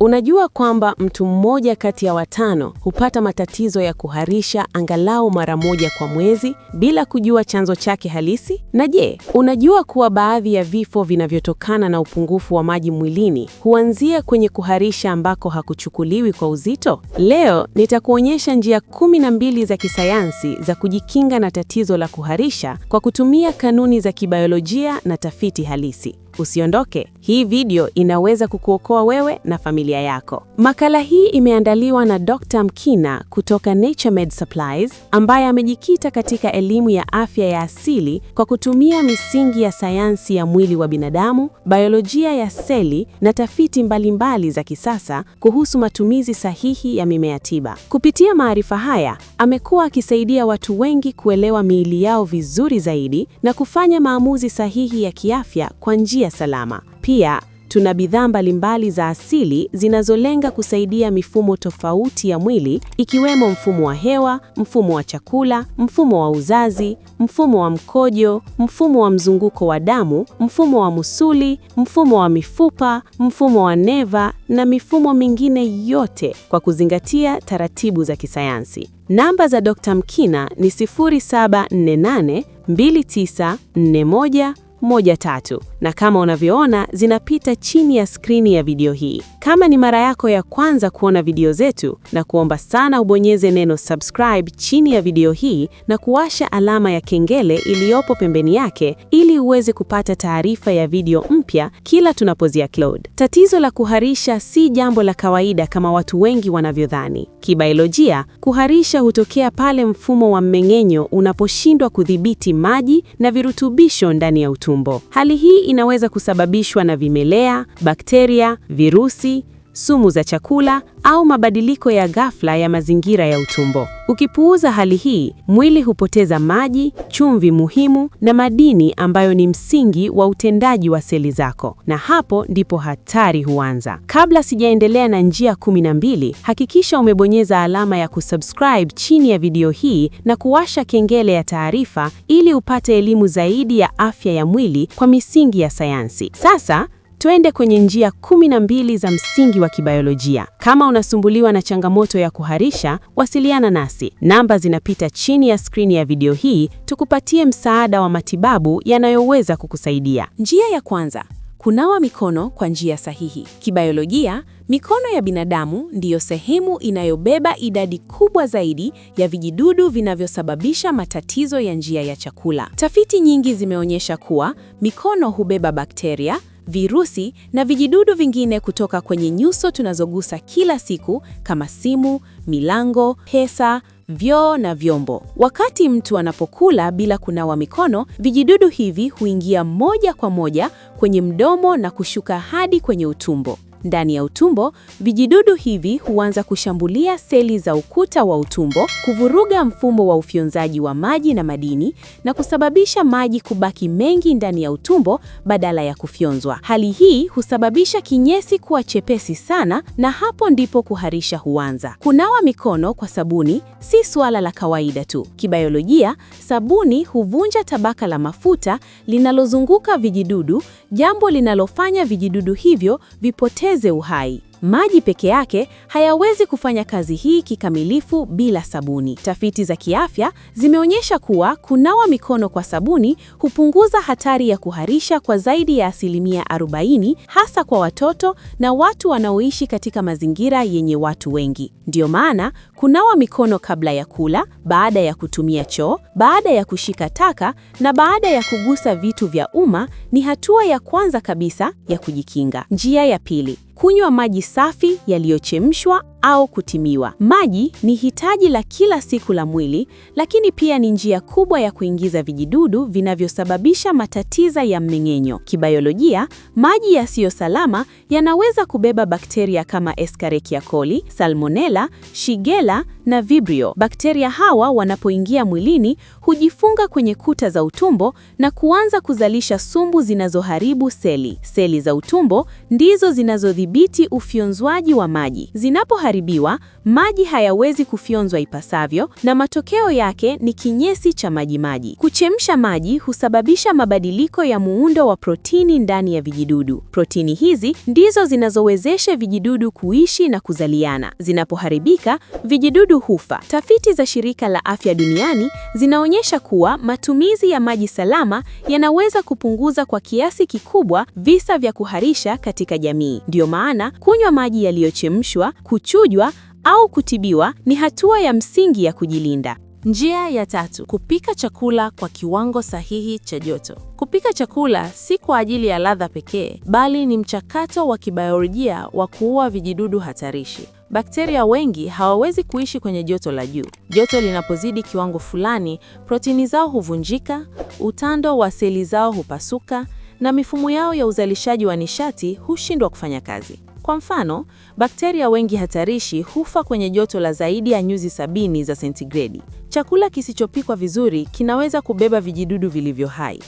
Unajua kwamba mtu mmoja kati ya watano hupata matatizo ya kuharisha angalau mara moja kwa mwezi bila kujua chanzo chake halisi? Na je, unajua kuwa baadhi ya vifo vinavyotokana na upungufu wa maji mwilini huanzia kwenye kuharisha ambako hakuchukuliwi kwa uzito? Leo nitakuonyesha njia kumi na mbili za kisayansi za kujikinga na tatizo la kuharisha kwa kutumia kanuni za kibayolojia na tafiti halisi. Usiondoke, hii video inaweza kukuokoa wewe na familia yako. Makala hii imeandaliwa na Dr. Mkina kutoka Naturemed Supplies ambaye amejikita katika elimu ya afya ya asili kwa kutumia misingi ya sayansi ya mwili wa binadamu, biolojia ya seli na tafiti mbalimbali za kisasa kuhusu matumizi sahihi ya mimea tiba. Kupitia maarifa haya, amekuwa akisaidia watu wengi kuelewa miili yao vizuri zaidi na kufanya maamuzi sahihi ya kiafya kwa njia njia salama. Pia tuna bidhaa mbalimbali za asili zinazolenga kusaidia mifumo tofauti ya mwili ikiwemo mfumo wa hewa, mfumo wa chakula, mfumo wa uzazi, mfumo wa mkojo, mfumo wa mzunguko wa damu, mfumo wa musuli, mfumo wa mifupa, mfumo wa neva na mifumo mingine yote kwa kuzingatia taratibu za kisayansi. Namba za Dr. Mkina ni 0748 moja tatu, na kama unavyoona zinapita chini ya skrini ya video hii. Kama ni mara yako ya kwanza kuona video zetu, na kuomba sana ubonyeze neno subscribe chini ya video hii na kuwasha alama ya kengele iliyopo pembeni yake ili uweze kupata taarifa ya video mpya kila tunapozia upload. Tatizo la kuharisha si jambo la kawaida kama watu wengi wanavyodhani. Kibiolojia, kuharisha hutokea pale mfumo wa mmeng'enyo unaposhindwa kudhibiti maji na virutubisho ndani ya utumbo tumbo. Hali hii inaweza kusababishwa na vimelea, bakteria, virusi sumu za chakula au mabadiliko ya ghafla ya mazingira ya utumbo. Ukipuuza hali hii, mwili hupoteza maji, chumvi muhimu na madini ambayo ni msingi wa utendaji wa seli zako, na hapo ndipo hatari huanza. Kabla sijaendelea na njia kumi na mbili, hakikisha umebonyeza alama ya kusubscribe chini ya video hii na kuwasha kengele ya taarifa ili upate elimu zaidi ya afya ya mwili kwa misingi ya sayansi. Sasa Twende kwenye njia kumi na mbili za msingi wa kibayolojia. Kama unasumbuliwa na changamoto ya kuharisha, wasiliana nasi. Namba zinapita chini ya skrini ya video hii, tukupatie msaada wa matibabu yanayoweza kukusaidia. Njia ya kwanza, kunawa mikono kwa njia sahihi. Kibayolojia, mikono ya binadamu ndiyo sehemu inayobeba idadi kubwa zaidi ya vijidudu vinavyosababisha matatizo ya njia ya chakula. Tafiti nyingi zimeonyesha kuwa mikono hubeba bakteria virusi na vijidudu vingine kutoka kwenye nyuso tunazogusa kila siku kama simu, milango, pesa, vyoo na vyombo. Wakati mtu anapokula bila kunawa mikono, vijidudu hivi huingia moja kwa moja kwenye mdomo na kushuka hadi kwenye utumbo. Ndani ya utumbo, vijidudu hivi huanza kushambulia seli za ukuta wa utumbo, kuvuruga mfumo wa ufyonzaji wa maji na madini na kusababisha maji kubaki mengi ndani ya utumbo badala ya kufyonzwa. Hali hii husababisha kinyesi kuwa chepesi sana na hapo ndipo kuharisha huanza. Kunawa mikono kwa sabuni si suala la kawaida tu. Kibayolojia, sabuni huvunja tabaka la mafuta linalozunguka vijidudu, jambo linalofanya vijidudu hivyo vipote Teseu Rai. Maji peke yake hayawezi kufanya kazi hii kikamilifu bila sabuni. Tafiti za kiafya zimeonyesha kuwa kunawa mikono kwa sabuni hupunguza hatari ya kuharisha kwa zaidi ya asilimia 40, hasa kwa watoto na watu wanaoishi katika mazingira yenye watu wengi. Ndiyo maana kunawa mikono kabla ya kula, baada ya kutumia choo, baada ya kushika taka na baada ya kugusa vitu vya umma ni hatua ya kwanza kabisa ya kujikinga. Njia ya pili, kunywa maji safi yaliyochemshwa au kutimiwa. Maji ni hitaji la kila siku la mwili, lakini pia ni njia kubwa ya kuingiza vijidudu vinavyosababisha matatizo ya mmeng'enyo. Kibayolojia, maji yasiyo salama yanaweza kubeba bakteria kama Escherichia coli, Salmonella, Shigella na Vibrio. Bakteria hawa wanapoingia mwilini hujifunga kwenye kuta za utumbo na kuanza kuzalisha sumbu zinazoharibu seli. Seli za utumbo ndizo zinazodhibiti ufyonzwaji wa maji. Zinapo kuharibiwa, maji hayawezi kufyonzwa ipasavyo, na matokeo yake ni kinyesi cha majimaji. Kuchemsha maji husababisha mabadiliko ya muundo wa protini ndani ya vijidudu. Protini hizi ndizo zinazowezesha vijidudu kuishi na kuzaliana. Zinapoharibika, vijidudu hufa. Tafiti za Shirika la Afya Duniani zinaonyesha kuwa matumizi ya maji salama yanaweza kupunguza kwa kiasi kikubwa visa vya kuharisha katika jamii. Ndiyo maana kunywa maji yaliyochemshwa, kuchuja Kuchujwa au kutibiwa ni hatua ya msingi ya kujilinda. Njia ya tatu, kupika chakula kwa kiwango sahihi cha joto. Kupika chakula si kwa ajili ya ladha pekee, bali ni mchakato wa kibayolojia wa kuua vijidudu hatarishi. Bakteria wengi hawawezi kuishi kwenye joto la juu. Joto linapozidi kiwango fulani, protini zao huvunjika, utando wa seli zao hupasuka na mifumo yao ya uzalishaji wa nishati hushindwa kufanya kazi. Kwa mfano, bakteria wengi hatarishi hufa kwenye joto la zaidi ya nyuzi sabini za sentigredi. Chakula kisichopikwa vizuri kinaweza kubeba vijidudu vilivyo hai.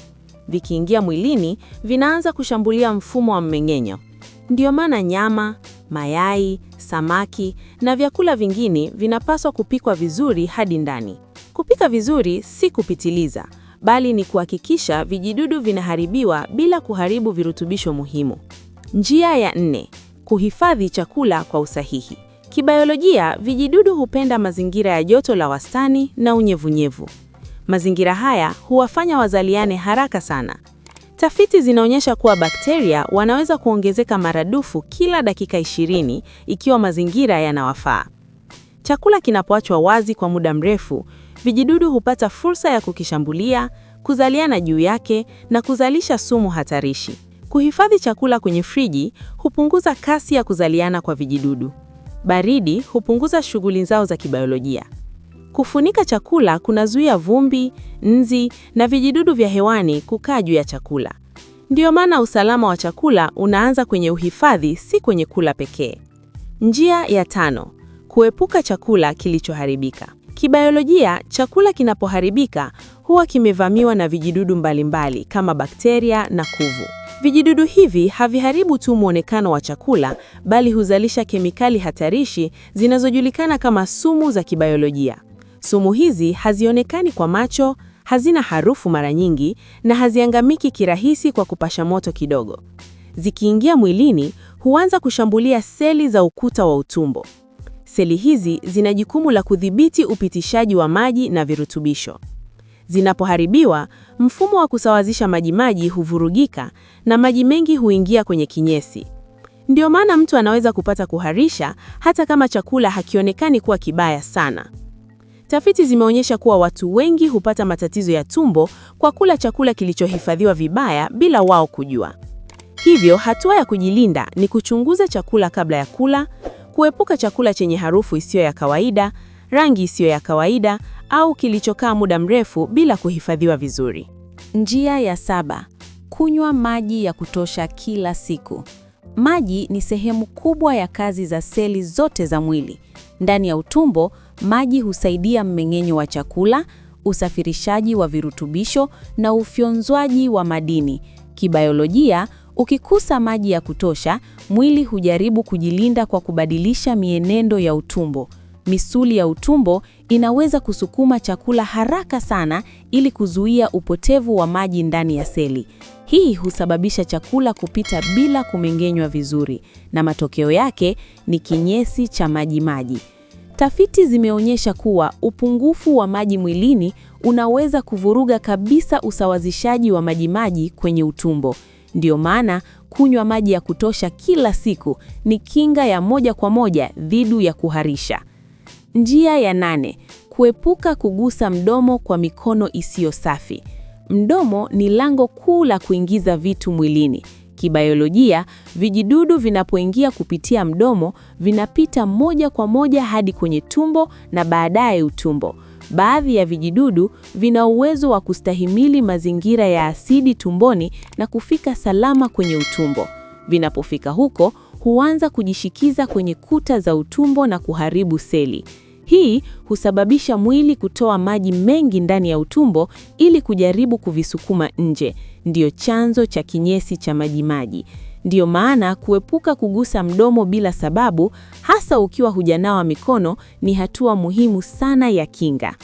Vikiingia mwilini, vinaanza kushambulia mfumo wa mmeng'enyo. Ndiyo maana nyama, mayai, samaki na vyakula vingine vinapaswa kupikwa vizuri hadi ndani. Kupika vizuri si kupitiliza, bali ni kuhakikisha vijidudu vinaharibiwa bila kuharibu virutubisho muhimu. Njia ya nne: kuhifadhi chakula kwa usahihi. Kibiolojia, vijidudu hupenda mazingira ya joto la wastani na unyevunyevu. Mazingira haya huwafanya wazaliane haraka sana. Tafiti zinaonyesha kuwa bakteria wanaweza kuongezeka maradufu kila dakika 20 ikiwa mazingira yanawafaa. Chakula kinapoachwa wazi kwa muda mrefu, vijidudu hupata fursa ya kukishambulia, kuzaliana juu yake na kuzalisha sumu hatarishi. Kuhifadhi chakula kwenye friji hupunguza kasi ya kuzaliana kwa vijidudu. Baridi hupunguza shughuli zao za kibiolojia. Kufunika chakula kunazuia vumbi, nzi na vijidudu vya hewani kukaa juu ya chakula. Ndiyo maana usalama wa chakula unaanza kwenye uhifadhi, si kwenye kula pekee. Njia ya tano: kuepuka chakula kilichoharibika. Kibiolojia, chakula kinapoharibika huwa kimevamiwa na vijidudu mbalimbali mbali, kama bakteria na kuvu. Vijidudu hivi haviharibu tu mwonekano wa chakula, bali huzalisha kemikali hatarishi zinazojulikana kama sumu za kibayolojia. Sumu hizi hazionekani kwa macho, hazina harufu mara nyingi, na haziangamiki kirahisi kwa kupasha moto kidogo. Zikiingia mwilini, huanza kushambulia seli za ukuta wa utumbo. Seli hizi zina jukumu la kudhibiti upitishaji wa maji na virutubisho. Zinapoharibiwa, mfumo wa kusawazisha majimaji huvurugika na maji mengi huingia kwenye kinyesi. Ndio maana mtu anaweza kupata kuharisha hata kama chakula hakionekani kuwa kibaya sana. Tafiti zimeonyesha kuwa watu wengi hupata matatizo ya tumbo kwa kula chakula kilichohifadhiwa vibaya bila wao kujua. Hivyo, hatua ya kujilinda ni kuchunguza chakula kabla ya kula, kuepuka chakula chenye harufu isiyo ya kawaida, rangi isiyo ya kawaida au kilichokaa muda mrefu bila kuhifadhiwa vizuri. Njia ya saba, kunywa maji ya kutosha kila siku. Maji ni sehemu kubwa ya kazi za seli zote za mwili. Ndani ya utumbo, maji husaidia mmeng'enyo wa chakula, usafirishaji wa virutubisho na ufyonzwaji wa madini. Kibayolojia, ukikosa maji ya kutosha, mwili hujaribu kujilinda kwa kubadilisha mienendo ya utumbo. Misuli ya utumbo inaweza kusukuma chakula haraka sana ili kuzuia upotevu wa maji ndani ya seli. Hii husababisha chakula kupita bila kumeng'enywa vizuri na matokeo yake ni kinyesi cha maji maji. Tafiti zimeonyesha kuwa upungufu wa maji mwilini unaweza kuvuruga kabisa usawazishaji wa maji maji kwenye utumbo. Ndiyo maana kunywa maji ya kutosha kila siku ni kinga ya moja kwa moja dhidi ya kuharisha. Njia ya nane, kuepuka kugusa mdomo kwa mikono isiyo safi. Mdomo ni lango kuu la kuingiza vitu mwilini. Kibayolojia, vijidudu vinapoingia kupitia mdomo vinapita moja kwa moja hadi kwenye tumbo na baadaye utumbo. Baadhi ya vijidudu vina uwezo wa kustahimili mazingira ya asidi tumboni na kufika salama kwenye utumbo. Vinapofika huko, huanza kujishikiza kwenye kuta za utumbo na kuharibu seli. Hii husababisha mwili kutoa maji mengi ndani ya utumbo ili kujaribu kuvisukuma nje. Ndiyo chanzo cha kinyesi cha majimaji. Ndiyo maana kuepuka kugusa mdomo bila sababu, hasa ukiwa hujanawa mikono, ni hatua muhimu sana ya kinga.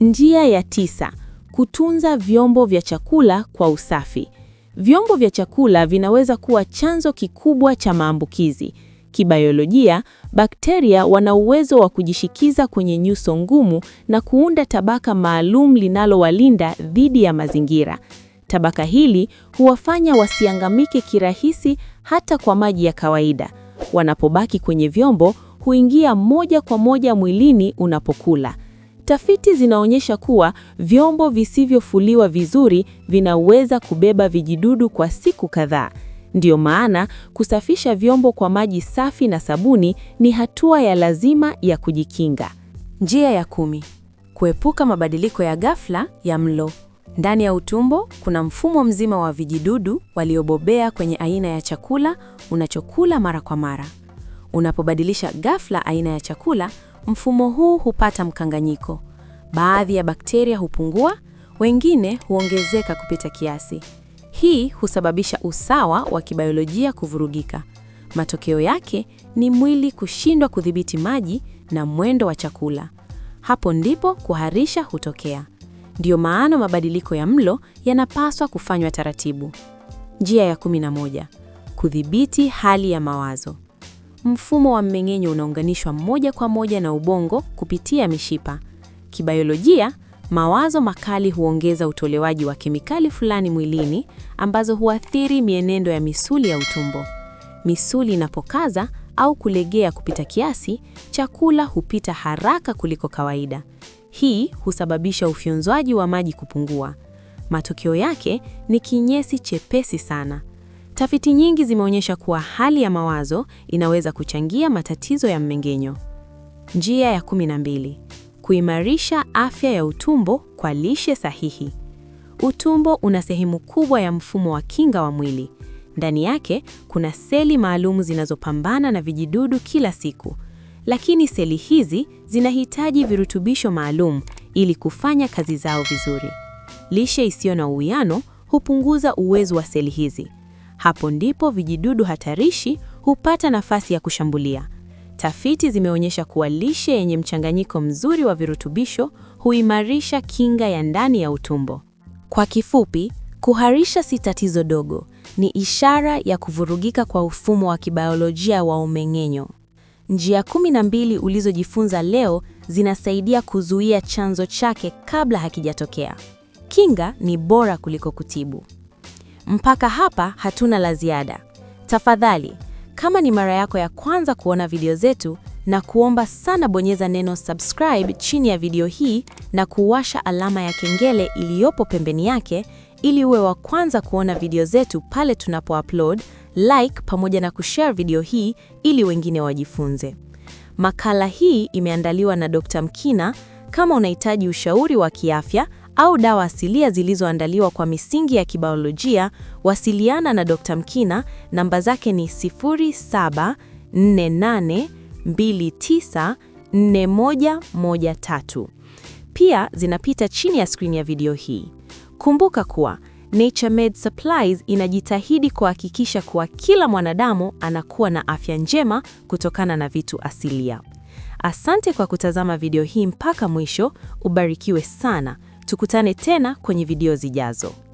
Njia ya tisa: kutunza vyombo vya chakula kwa usafi. Vyombo vya chakula vinaweza kuwa chanzo kikubwa cha maambukizi. Kibayolojia, bakteria wana uwezo wa kujishikiza kwenye nyuso ngumu na kuunda tabaka maalum linalowalinda dhidi ya mazingira. Tabaka hili huwafanya wasiangamike kirahisi hata kwa maji ya kawaida. Wanapobaki kwenye vyombo, huingia moja kwa moja mwilini unapokula. Tafiti zinaonyesha kuwa vyombo visivyofuliwa vizuri vinaweza kubeba vijidudu kwa siku kadhaa. Ndiyo maana kusafisha vyombo kwa maji safi na sabuni ni hatua ya lazima ya kujikinga. Njia ya kumi: kuepuka mabadiliko ya ghafla ya mlo. Ndani ya utumbo kuna mfumo mzima wa vijidudu waliobobea kwenye aina ya chakula unachokula mara kwa mara. Unapobadilisha ghafla aina ya chakula, mfumo huu hupata mkanganyiko. Baadhi ya bakteria hupungua, wengine huongezeka kupita kiasi. Hii husababisha usawa wa kibayolojia kuvurugika. Matokeo yake ni mwili kushindwa kudhibiti maji na mwendo wa chakula. Hapo ndipo kuharisha hutokea. Ndiyo maana mabadiliko ya mlo yanapaswa kufanywa taratibu. Njia ya 11: kudhibiti hali ya mawazo. Mfumo wa mmeng'enyo unaunganishwa moja kwa moja na ubongo kupitia mishipa. Kibayolojia, Mawazo makali huongeza utolewaji wa kemikali fulani mwilini ambazo huathiri mienendo ya misuli ya utumbo. Misuli inapokaza au kulegea kupita kiasi, chakula hupita haraka kuliko kawaida. Hii husababisha ufyonzwaji wa maji kupungua. Matokeo yake ni kinyesi chepesi sana. Tafiti nyingi zimeonyesha kuwa hali ya mawazo inaweza kuchangia matatizo ya mmeng'enyo. Njia ya 12 kuimarisha afya ya utumbo kwa lishe sahihi. Utumbo una sehemu kubwa ya mfumo wa kinga wa mwili. Ndani yake kuna seli maalum zinazopambana na vijidudu kila siku, lakini seli hizi zinahitaji virutubisho maalum ili kufanya kazi zao vizuri. Lishe isiyo na uwiano hupunguza uwezo wa seli hizi. Hapo ndipo vijidudu hatarishi hupata nafasi ya kushambulia. Tafiti zimeonyesha kuwa lishe yenye mchanganyiko mzuri wa virutubisho huimarisha kinga ya ndani ya utumbo. Kwa kifupi, kuharisha si tatizo dogo, ni ishara ya kuvurugika kwa mfumo wa kibiolojia wa umeng'enyo. Njia kumi na mbili ulizojifunza leo zinasaidia kuzuia chanzo chake kabla hakijatokea. Kinga ni bora kuliko kutibu. Mpaka hapa hatuna la ziada. Tafadhali kama ni mara yako ya kwanza kuona video zetu, na kuomba sana bonyeza neno subscribe chini ya video hii na kuwasha alama ya kengele iliyopo pembeni yake ili uwe wa kwanza kuona video zetu pale tunapo upload, like pamoja na kushare video hii ili wengine wajifunze. Makala hii imeandaliwa na Dr. Mkina. Kama unahitaji ushauri wa kiafya au dawa asilia zilizoandaliwa kwa misingi ya kibiolojia, wasiliana na Dr. Mkina, namba zake ni 0748294113. Pia zinapita chini ya skrini ya video hii. Kumbuka kuwa Naturemed Supplies inajitahidi kuhakikisha kuwa kila mwanadamu anakuwa na afya njema kutokana na vitu asilia. Asante kwa kutazama video hii mpaka mwisho. Ubarikiwe sana. Tukutane tena kwenye video zijazo.